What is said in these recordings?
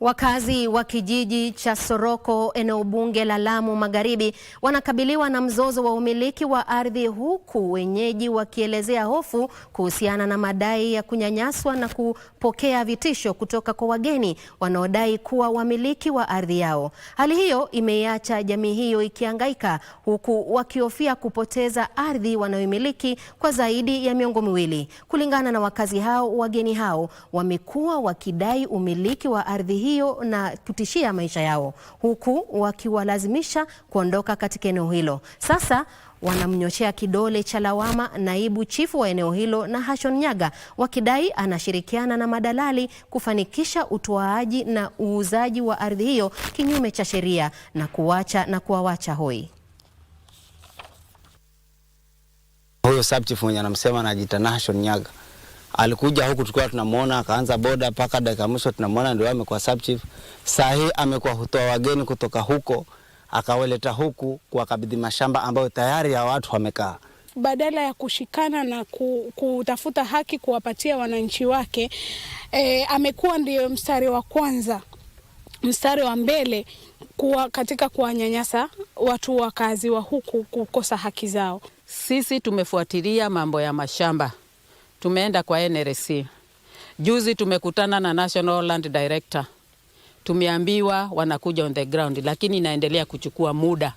Wakazi wa kijiji cha Soroko eneo bunge la Lamu Magharibi wanakabiliwa na mzozo wa umiliki wa ardhi huku wenyeji wakielezea hofu kuhusiana na madai ya kunyanyaswa na kupokea vitisho kutoka kwa wageni wanaodai kuwa wamiliki wa ardhi yao. Hali hiyo imeiacha jamii hiyo ikihangaika huku wakihofia kupoteza ardhi wanayomiliki kwa zaidi ya miongo miwili. Kulingana na wakazi hao, wageni hao wamekuwa wakidai umiliki wa ardhi hiyo na kutishia maisha yao, huku wakiwalazimisha kuondoka katika eneo hilo. Sasa wanamnyoshea kidole cha lawama naibu chifu wa eneo hilo Hashon Nyaga, wakidai anashirikiana na madalali kufanikisha utoaji na uuzaji wa ardhi hiyo kinyume cha sheria na kuwacha na kuwawacha hoi. Huyo subchief mwenye anamsema anajiita Hashon Nyaga alikuja huku tukiwa tunamuona, akaanza boda mpaka dakika mwisho tunamuona ndio amekuwa sub chief. Saa hii amekuwa hutoa wageni kutoka huko akawaleta huku kuwakabidhi mashamba ambayo tayari ya watu wamekaa badala ya kushikana na kutafuta haki kuwapatia wananchi wake. E, amekuwa ndiyo mstari wa kwanza, mstari wa mbele kuwa katika kuwanyanyasa watu wakazi wa huku kukosa haki zao. Sisi tumefuatilia mambo ya mashamba tumeenda kwa NRC. Juzi tumekutana na National Land Director, tumeambiwa wanakuja on the ground, lakini inaendelea kuchukua muda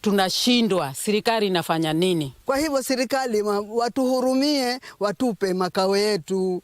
tunashindwa. Serikali inafanya nini? Kwa hivyo serikali watuhurumie, watupe makao yetu.